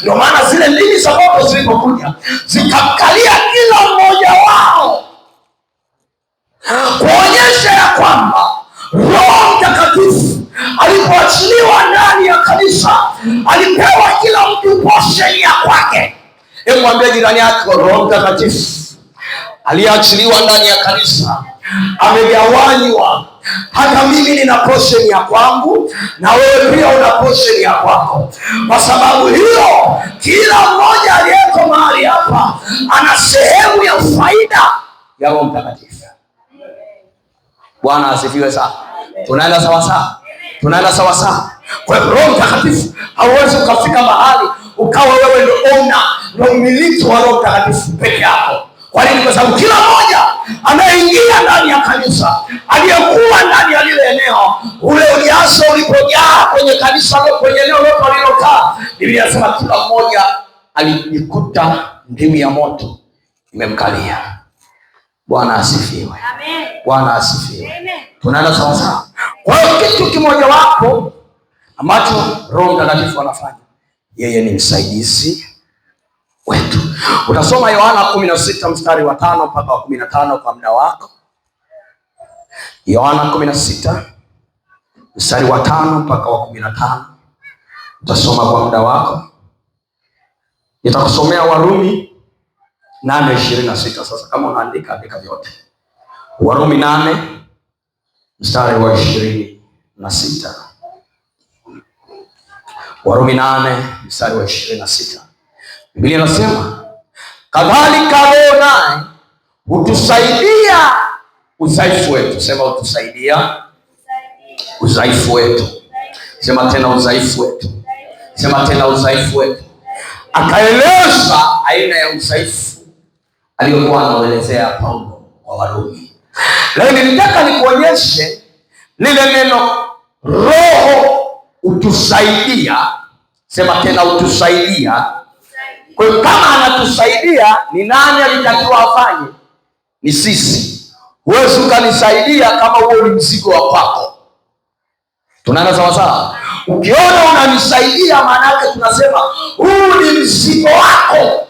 Ndio maana zile ndimi za moto zilipokuja zikamkalia kila mmoja wao, kuonyesha ya kwamba Roho Mtakatifu alipoachiliwa ndani ya kanisa alipewa kila mtu posheni ya kwake. Hebu mwambie jirani yako, Roho Mtakatifu aliyeachiliwa ndani ya kanisa amegawanywa hata mimi nina portion ya kwangu na wewe pia una portion ya kwako, kwa sababu hiyo kila mmoja aliyeko mahali hapa ana sehemu ya faida ya Roho Mtakatifu. Bwana asifiwe sana. Tunaenda sawa, tunaenda sawa Kwa hiyo Roho Mtakatifu hauwezi ukafika mahali ukawa wewe ndio owner na umiliki wa Roho Mtakatifu peke yako. Kwa nini? Kwa sababu kila mmoja anaingia ndani ya kanisa, aliyekuwa ndani ya lile eneo, ule ujasa ulipojaa kwenye kanisa, kwenye eneo lote walilokaa, Biblia inasema kila mmoja alijikuta ndimi ya moto imemkalia. Bwana asifiwe, Bwana asifiwe. Tunaenda sawasawa. Kwa hiyo kitu kimojawapo ambacho Roho Mtakatifu anafanya, yeye ni msaidizi Utasoma Yohana kumi na sita mstari wa tano mpaka wa kumi na tano kwa muda wako. Yohana kumi na sita mstari wa tano mpaka wa kumi na tano utasoma kwa muda wako. Nitakusomea Warumi nane ishirini na sita. Sasa kama unaandika andika vyote, Warumi nane mstari wa ishirini na sita. Warumi nane mstari wa ishirini na sita Biblia inasema Kadhalika Roho naye hutusaidia udhaifu wetu. Sema hutusaidia udhaifu wetu. Sema tena udhaifu wetu. Sema tena udhaifu wetu. Akaeleza aina ya udhaifu aliyokuwa anaelezea Paulo kwa Warumi. lakini nitaka nikuonyeshe lile neno Roho utusaidia Sema tena utusaidia kwa hiyo kama anatusaidia, ni nani alitakiwa afanye? Ni sisi. Huwezi ukanisaidia kama huo ni mzigo wa kwako. Tunaenda sawasawa? Ukiona unanisaidia, yake tunasema huu ni mzigo wako.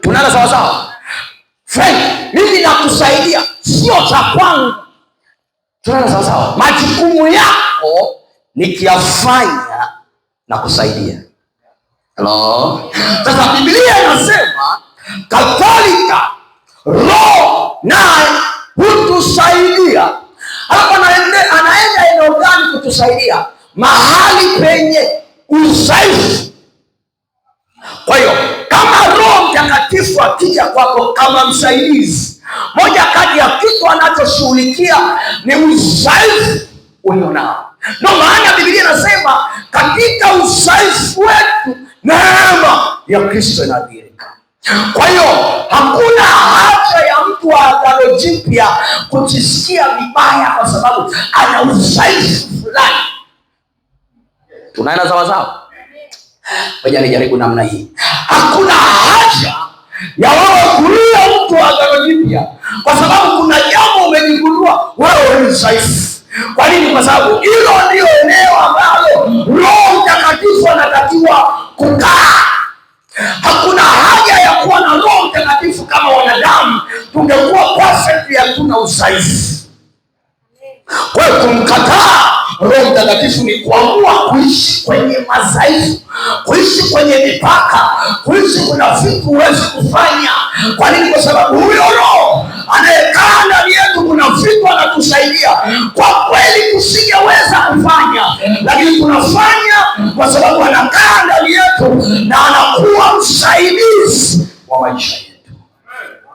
Tunaenda sawasawa? Mimi nakusaidia, sio cha kwangu. Tunaenda sawasawa? Majukumu yako nikiyafanya na kusaidia Hello. Sasa Biblia inasema kadhalika Roho naye hutusaidia. Halafu anaenda eneo gani kutusaidia? Mahali penye udhaifu. Kwa hiyo kama Roho Mtakatifu akija kwako kama msaidizi, moja kati ya kitu anachoshughulikia ni udhaifu ulionao. Ndio maana Biblia inasema katika udhaifu wetu neema ya Kristo inadhihirika. Kwa hiyo hakuna haja ya mtu wa agano jipya kujisikia vibaya kwa sababu ana udhaifu fulani. Tunaenda sawasawa? Ngoja nijaribu namna hii. Hakuna haja ya wewe kulia mtu wa agano jipya kwa sababu kuna jambo umejigundua wewe ni dhaifu. Kwa nini? Kwa sababu hilo ndio eneo ambalo Roho Mtakatifu anatakiwa kukaa. Hakuna haja ya kuwa na Roho Mtakatifu kama wanadamu, tungekuwa perfect, hatuna usaizi. Kwa hiyo kumkataa Roho Mtakatifu ni kuamua kuishi kwenye madhaifu, kuishi kwenye mipaka, kuishi kuna vitu huwezi kufanya. Kwa nini? Kwa sababu huyo kusaidia. Kwa kweli kusingeweza kufanya, lakini tunafanya kwa sababu anakaa ndani yetu na anakuwa msaidizi wa maisha yetu.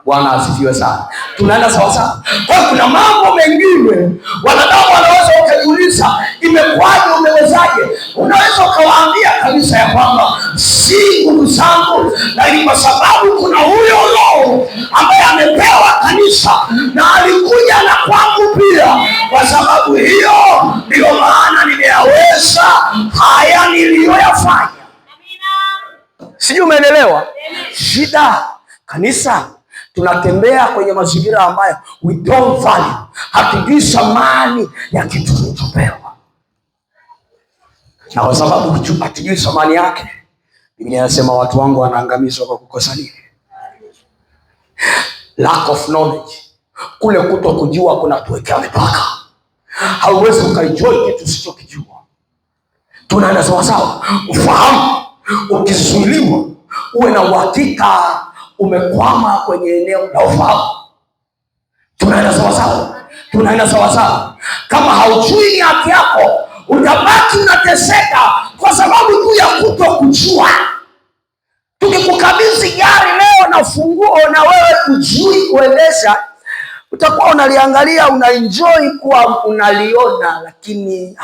Bwana asifiwe sana. Tunaenda sawasawa. Kwa hiyo kuna mambo mengine wanadamu wanaweza ukajiuliza, imekwaje? Umewezaje? Unaweza ukawaambia kabisa ya kwamba si nguvu zangu, lakini kwa sababu kuna huyo Roho ambaye amepewa kanisa na ali niliyoyafanya. Sijui umeelewa shida. Kanisa tunatembea kwenye mazingira ambayo we don't value, hatujui thamani ya kitu tulichopewa, na kwa sababu hatujui thamani yake, Biblia inasema watu wangu wanaangamizwa kwa kukosa nini? Lack of knowledge. Kule kuto kujua kunatuwekea mipaka. Hauwezi ukaijoi kitu usichokijua tunaenda sawasawa. Ufahamu ukizuiliwa, uwe na uhakika umekwama kwenye eneo la ufahamu. Tunaenda sawasawa, tunaenda sawasawa. Kama haujui haki yako, utabaki unateseka kwa sababu tu ya kuto kujua. Tukikukabidhi gari leo na funguo na wewe ujui kuendesha, utakuwa unaliangalia, unaenjoy kuwa unaliona, lakini